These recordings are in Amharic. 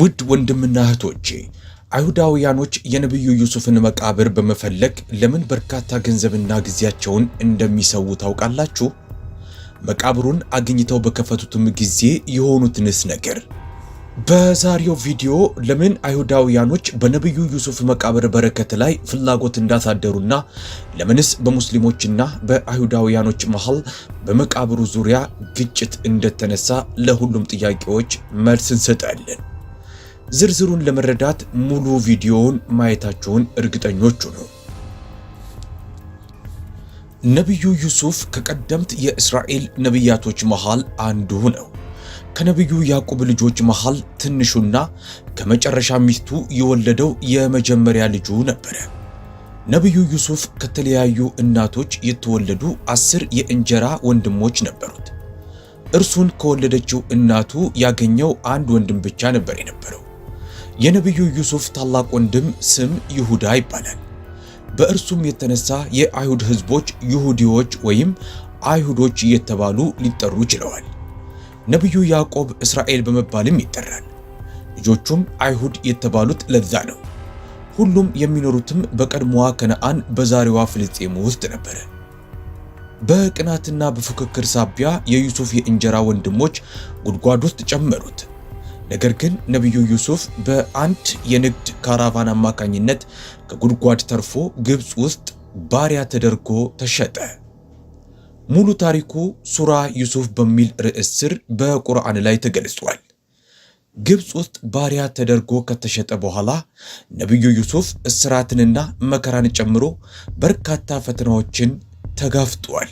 ውድ ወንድምና እህቶቼ አይሁዳውያኖች የነቢዩ ዩሱፍን መቃብር በመፈለግ ለምን በርካታ ገንዘብና ጊዜያቸውን እንደሚሰዉ ታውቃላችሁ? መቃብሩን አግኝተው በከፈቱትም ጊዜ የሆኑትንስ ነገር። በዛሬው ቪዲዮ ለምን አይሁዳውያኖች በነቢዩ ዩሱፍ መቃብር በረከት ላይ ፍላጎት እንዳሳደሩና ለምንስ በሙስሊሞችና በአይሁዳውያኖች መሃል በመቃብሩ ዙሪያ ግጭት እንደተነሳ ለሁሉም ጥያቄዎች መልስ እንሰጣለን። ዝርዝሩን ለመረዳት ሙሉ ቪዲዮውን ማየታቸውን እርግጠኞች ነው። ነቢዩ ዩሱፍ ከቀደምት የእስራኤል ነቢያቶች መሃል አንዱ ነው። ከነቢዩ ያዕቆብ ልጆች መሃል ትንሹና ከመጨረሻ ሚስቱ የወለደው የመጀመሪያ ልጁ ነበረ። ነቢዩ ዩሱፍ ከተለያዩ እናቶች የተወለዱ አስር የእንጀራ ወንድሞች ነበሩት። እርሱን ከወለደችው እናቱ ያገኘው አንድ ወንድም ብቻ ነበር የነበረው። የነቢዩ ዩሱፍ ታላቅ ወንድም ስም ይሁዳ ይባላል። በእርሱም የተነሳ የአይሁድ ሕዝቦች ይሁዲዎች ወይም አይሁዶች እየተባሉ ሊጠሩ ችለዋል። ነቢዩ ያዕቆብ እስራኤል በመባልም ይጠራል። ልጆቹም አይሁድ የተባሉት ለዛ ነው። ሁሉም የሚኖሩትም በቀድሞዋ ከነአን በዛሬዋ ፍልስጤም ውስጥ ነበረ። በቅናትና በፉክክር ሳቢያ የዩሱፍ የእንጀራ ወንድሞች ጉድጓድ ውስጥ ጨመሩት። ነገር ግን ነቢዩ ዩሱፍ በአንድ የንግድ ካራቫን አማካኝነት ከጉድጓድ ተርፎ ግብፅ ውስጥ ባሪያ ተደርጎ ተሸጠ። ሙሉ ታሪኩ ሱራ ዩሱፍ በሚል ርዕስ ስር በቁርአን ላይ ተገልጿል። ግብፅ ውስጥ ባሪያ ተደርጎ ከተሸጠ በኋላ ነቢዩ ዩሱፍ እስራትንና መከራን ጨምሮ በርካታ ፈተናዎችን ተጋፍጧል።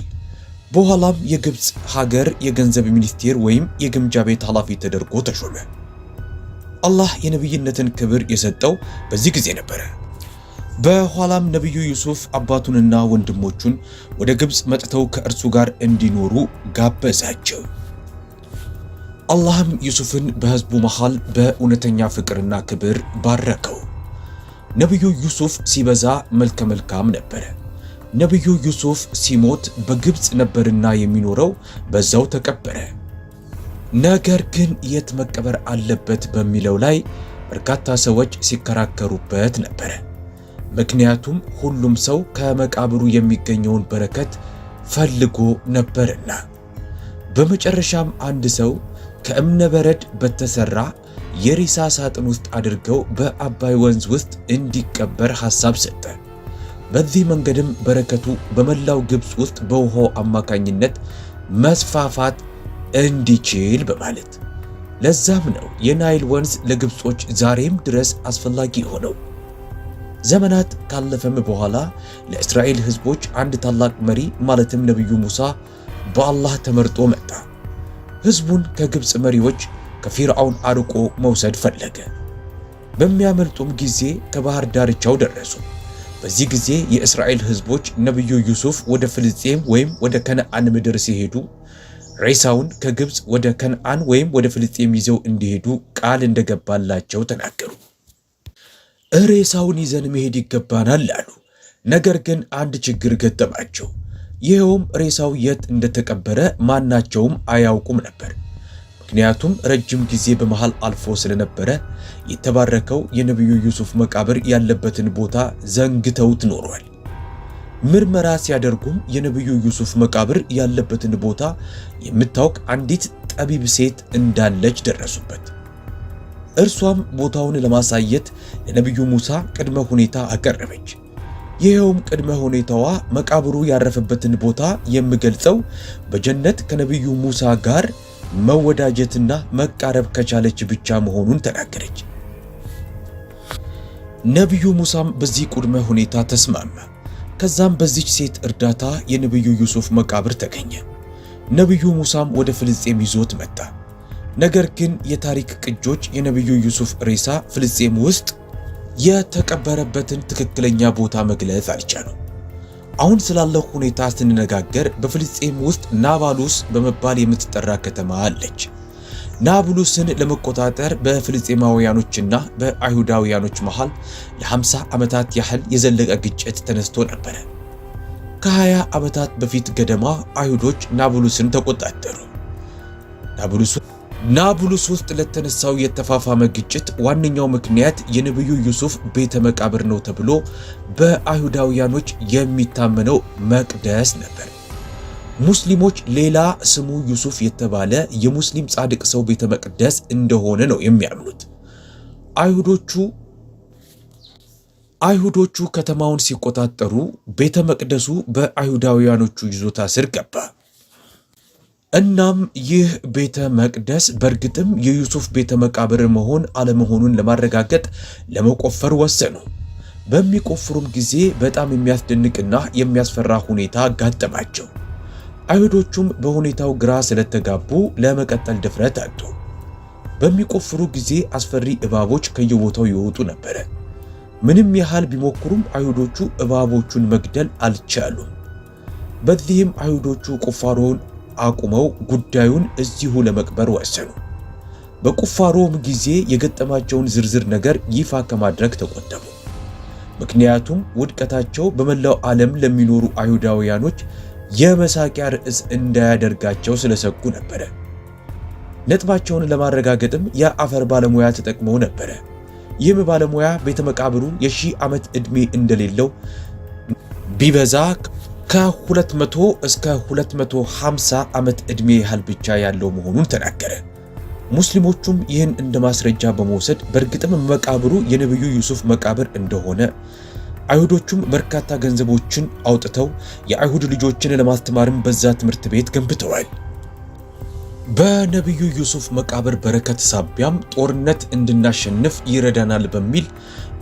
በኋላም የግብፅ ሀገር የገንዘብ ሚኒስቴር ወይም የግምጃ ቤት ኃላፊ ተደርጎ ተሾመ። አላህ የነብይነትን ክብር የሰጠው በዚህ ጊዜ ነበረ። በኋላም ነቢዩ ዩሱፍ አባቱንና ወንድሞቹን ወደ ግብፅ መጥተው ከእርሱ ጋር እንዲኖሩ ጋበዛቸው። አላህም ዩሱፍን በሕዝቡ መሃል በእውነተኛ ፍቅርና ክብር ባረከው። ነቢዩ ዩሱፍ ሲበዛ መልከ መልካም ነበረ። ነቢዩ ዩሱፍ ሲሞት በግብፅ ነበርና የሚኖረው በዛው ተቀበረ። ነገር ግን የት መቀበር አለበት በሚለው ላይ በርካታ ሰዎች ሲከራከሩበት ነበረ። ምክንያቱም ሁሉም ሰው ከመቃብሩ የሚገኘውን በረከት ፈልጎ ነበርና። በመጨረሻም አንድ ሰው ከእብነ በረድ በተሰራ የሬሳ ሳጥን ውስጥ አድርገው በአባይ ወንዝ ውስጥ እንዲቀበር ሐሳብ ሰጠ። በዚህ መንገድም በረከቱ በመላው ግብፅ ውስጥ በውሃው አማካኝነት መስፋፋት እንዲችል በማለት ለዛም ነው የናይል ወንዝ ለግብጾች ዛሬም ድረስ አስፈላጊ የሆነው። ዘመናት ካለፈም በኋላ ለእስራኤል ሕዝቦች አንድ ታላቅ መሪ ማለትም ነቢዩ ሙሳ በአላህ ተመርጦ መጣ። ህዝቡን ከግብፅ መሪዎች ከፊርዓውን አርቆ መውሰድ ፈለገ። በሚያመልጡም ጊዜ ከባህር ዳርቻው ደረሱ። በዚህ ጊዜ የእስራኤል ህዝቦች ነቢዩ ዩሱፍ ወደ ፍልስጤም ወይም ወደ ከነአን ምድር ሲሄዱ ሬሳውን ከግብፅ ወደ ከነአን ወይም ወደ ፍልስጤም ይዘው እንዲሄዱ ቃል እንደገባላቸው ተናገሩ። ሬሳውን ይዘን መሄድ ይገባናል አሉ። ነገር ግን አንድ ችግር ገጠማቸው። ይኸውም ሬሳው የት እንደተቀበረ ማናቸውም አያውቁም ነበር። ምክንያቱም ረጅም ጊዜ በመሃል አልፎ ስለነበረ የተባረከው የነቢዩ ዩሱፍ መቃብር ያለበትን ቦታ ዘንግተውት ኖሯል። ምርመራ ሲያደርጉም የነቢዩ ዩሱፍ መቃብር ያለበትን ቦታ የምታውቅ አንዲት ጠቢብ ሴት እንዳለች ደረሱበት። እርሷም ቦታውን ለማሳየት ለነቢዩ ሙሳ ቅድመ ሁኔታ አቀረበች። ይኸውም ቅድመ ሁኔታዋ መቃብሩ ያረፈበትን ቦታ የምገልጸው በጀነት ከነቢዩ ሙሳ ጋር መወዳጀትና መቃረብ ከቻለች ብቻ መሆኑን ተናገረች። ነቢዩ ሙሳም በዚህ ቅድመ ሁኔታ ተስማማ። ከዛም በዚች ሴት እርዳታ የነብዩ ዩሱፍ መቃብር ተገኘ። ነብዩ ሙሳም ወደ ፍልስጤም ይዞት መጣ። ነገር ግን የታሪክ ቅጆች የነብዩ ዩሱፍ ሬሳ ፍልስጤም ውስጥ የተቀበረበትን ትክክለኛ ቦታ መግለጽ አልቻሉም። አሁን ስላለው ሁኔታ ስንነጋገር በፍልስጤም ውስጥ ናባሉስ በመባል የምትጠራ ከተማ አለች። ናብሉስን ለመቆጣጠር በፍልስጤማውያኖችና በአይሁዳውያኖች መሃል ለ50 ዓመታት ያህል የዘለቀ ግጭት ተነስቶ ነበረ። ከ20 ዓመታት በፊት ገደማ አይሁዶች ናብሉስን ተቆጣጠሩ። ናብሉስ ውስጥ ለተነሳው የተፋፋመ ግጭት ዋነኛው ምክንያት የነቢዩ ዩሱፍ ቤተ መቃብር ነው ተብሎ በአይሁዳውያኖች የሚታመነው መቅደስ ነበር። ሙስሊሞች ሌላ ስሙ ዩሱፍ የተባለ የሙስሊም ጻድቅ ሰው ቤተ መቅደስ እንደሆነ ነው የሚያምኑት። አይሁዶቹ አይሁዶቹ ከተማውን ሲቆጣጠሩ ቤተ መቅደሱ በአይሁዳውያኖቹ ይዞታ ስር ገባ። እናም ይህ ቤተ መቅደስ በእርግጥም የዩሱፍ ቤተ መቃብር መሆን አለመሆኑን ለማረጋገጥ ለመቆፈር ወሰኑ። በሚቆፍሩም ጊዜ በጣም የሚያስደንቅና የሚያስፈራ ሁኔታ አጋጠማቸው። አይሁዶቹም በሁኔታው ግራ ስለተጋቡ ለመቀጠል ድፍረት አጡ። በሚቆፍሩ ጊዜ አስፈሪ እባቦች ከየቦታው ይወጡ ነበረ። ምንም ያህል ቢሞክሩም አይሁዶቹ እባቦቹን መግደል አልቻሉም። በዚህም አይሁዶቹ ቁፋሮውን አቁመው ጉዳዩን እዚሁ ለመቅበር ወሰኑ። በቁፋሮውም ጊዜ የገጠማቸውን ዝርዝር ነገር ይፋ ከማድረግ ተቆጠቡ። ምክንያቱም ውድቀታቸው በመላው ዓለም ለሚኖሩ አይሁዳውያኖች የመሳቂያ ርዕስ እንዳያደርጋቸው ስለሰጉ ነበረ። ነጥባቸውን ለማረጋገጥም የአፈር ባለሙያ ተጠቅመው ነበረ። ይህም ባለሙያ ቤተ መቃብሩ የሺህ ዓመት ዕድሜ እንደሌለው ቢበዛ ከ200 እስከ 250 ዓመት ዕድሜ ያህል ብቻ ያለው መሆኑን ተናገረ። ሙስሊሞቹም ይህን እንደ ማስረጃ በመውሰድ በእርግጥም መቃብሩ የነቢዩ ዩሱፍ መቃብር እንደሆነ አይሁዶቹም በርካታ ገንዘቦችን አውጥተው የአይሁድ ልጆችን ለማስተማርም በዛ ትምህርት ቤት ገንብተዋል። በነቢዩ ዩሱፍ መቃብር በረከት ሳቢያም ጦርነት እንድናሸንፍ ይረዳናል በሚል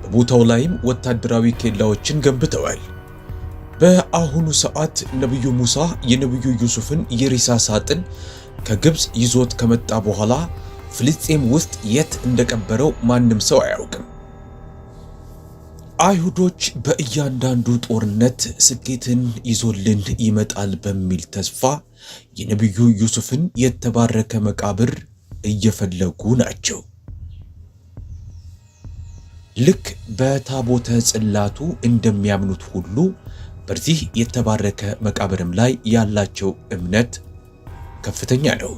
በቦታው ላይም ወታደራዊ ኬላዎችን ገንብተዋል። በአሁኑ ሰዓት ነቢዩ ሙሳ የነቢዩ ዩሱፍን የሬሳ ሳጥን ከግብፅ ይዞት ከመጣ በኋላ ፍልስጤም ውስጥ የት እንደቀበረው ማንም ሰው አያውቅም። አይሁዶች በእያንዳንዱ ጦርነት ስኬትን ይዞልን ይመጣል በሚል ተስፋ የነቢዩ ዩሱፍን የተባረከ መቃብር እየፈለጉ ናቸው። ልክ በታቦተ ጽላቱ እንደሚያምኑት ሁሉ በዚህ የተባረከ መቃብርም ላይ ያላቸው እምነት ከፍተኛ ነው።